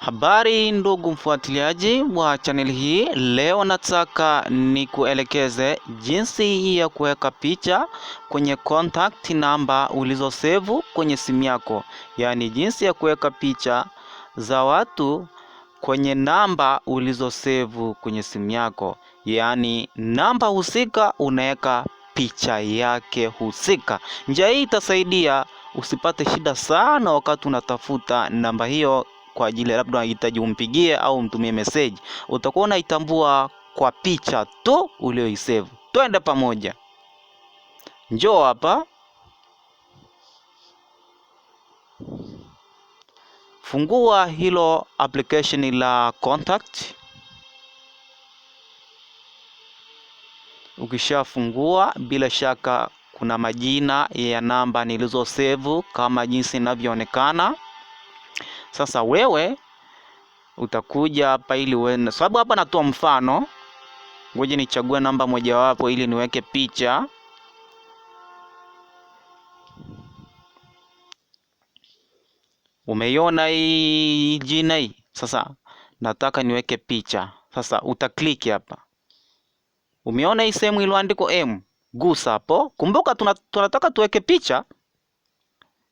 Habari ndugu mfuatiliaji wa chaneli hii, leo nataka nikuelekeze jinsi ya kuweka picha kwenye contact namba ulizosevu kwenye simu yako, yaani jinsi ya kuweka picha za watu kwenye namba ulizosevu kwenye simu yako, yaani namba husika unaweka picha yake husika. Njia hii itasaidia usipate shida sana wakati unatafuta namba hiyo kwa ajili labda unahitaji umpigie au umtumie message. Utakuwa unaitambua kwa picha tu uliyoisave. Twende pamoja, njoo hapa, fungua hilo application la contact. Ukishafungua bila shaka kuna majina ya namba nilizosevu kama jinsi inavyoonekana. Sasa wewe utakuja hapa ili uende, sababu hapa natoa mfano. Ngoja nichague namba mojawapo ili niweke picha. Umeiona hii jina hii? Sasa nataka niweke picha. Sasa utakliki hapa. Umeona hii sehemu iliyoandikwa M? gusa hapo. Kumbuka tuna, tunataka tuweke picha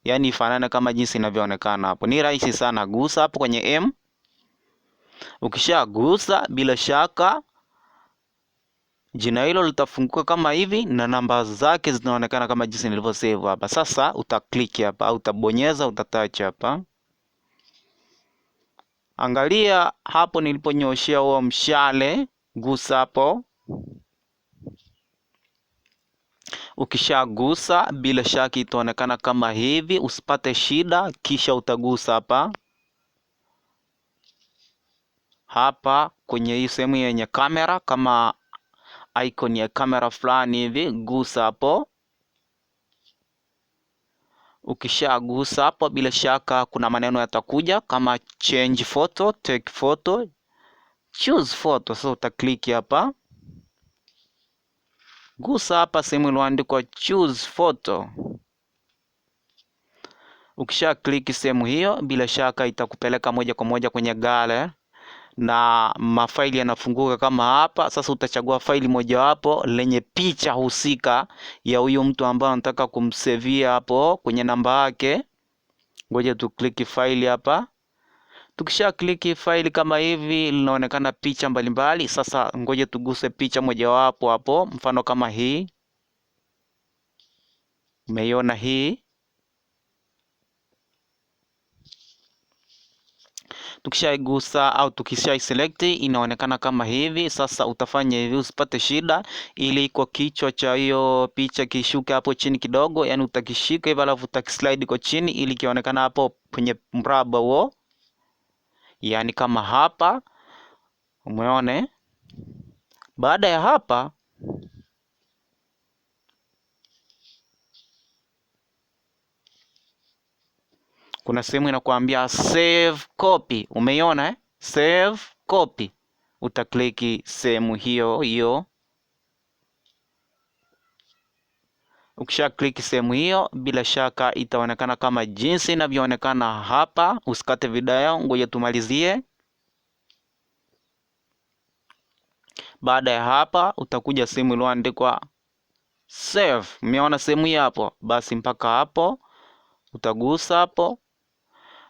yaani ifanane kama jinsi inavyoonekana hapo. Ni rahisi sana, gusa hapo kwenye M. Ukishagusa bila shaka jina hilo litafunguka kama hivi na namba zake zinaonekana kama jinsi save hapa. Sasa utaklik hapa au utabonyeza, utatouch hapa. Angalia hapo niliponyoshea huo mshale, gusa hapo. Ukishagusa bila shaka itaonekana kama hivi, usipate shida, kisha utagusa hapa hapa kwenye hii sehemu yenye kamera, kama icon ya kamera fulani hivi, gusa hapo. Ukishagusa hapo, bila shaka kuna maneno yatakuja kama change photo, take photo, choose photo. Sasa so, utakliki hapa gusa hapa sehemu iliyoandikwa choose photo. Ukisha kliki sehemu hiyo, bila shaka itakupeleka moja kwa moja kwenye gallery na mafaili yanafunguka kama hapa. Sasa utachagua faili mojawapo lenye picha husika ya huyo mtu ambaye anataka kumsevia hapo kwenye namba yake. Ngoja tu kliki faili hapa. Tukisha kliki faili kama hivi, linaonekana picha mbalimbali. Sasa ngoje tuguse picha mojawapo hapo, mfano kama hii. Umeiona hii? Tukishaigusa au tukisha inaonekana kama hivi. Sasa utafanya hivi usipate shida, ili kwa kichwa cha hiyo picha kishuke hapo chini kidogo, yani utakishika hivi alafu utakislide kwa chini, ili kionekana hapo kwenye mraba huo yaani kama hapa umeone baada ya hapa kuna sehemu inakuambia save copy umeiona eh? save copy utakliki sehemu hiyo hiyo Ukisha click sehemu hiyo, bila shaka itaonekana kama jinsi inavyoonekana hapa. Usikate video, ngoja tumalizie. Baada ya hapa, utakuja sehemu iliyoandikwa save. Umeona sehemu hii hapo? Basi mpaka hapo utagusa hapo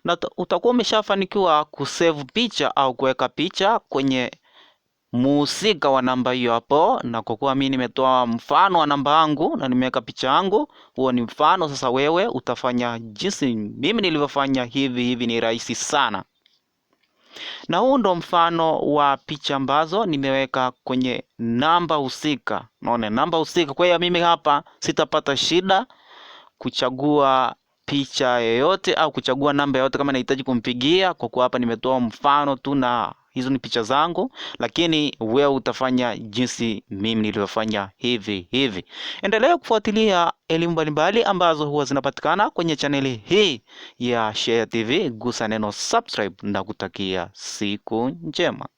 na utakuwa umeshafanikiwa kusave picha au kuweka picha kwenye muhusika wa namba hiyo hapo, na kwa kuwa mimi nimetoa mfano wa namba yangu na nimeweka picha yangu, huo ni mfano. Sasa wewe utafanya jinsi mimi nilivyofanya, hivi hivi, ni rahisi sana. Na huu ndo mfano wa picha ambazo nimeweka kwenye namba husika. Naona namba husika, kwa hiyo mimi hapa sitapata shida kuchagua picha yoyote au kuchagua namba yoyote kama nahitaji kumpigia, kwa kuwa hapa nimetoa mfano tu na hizo ni picha zangu, lakini wewe utafanya jinsi mimi nilivyofanya hivi hivi. Endelea kufuatilia elimu mbalimbali ambazo huwa zinapatikana kwenye chaneli hii ya Shayia TV. Gusa neno subscribe na kutakia siku njema.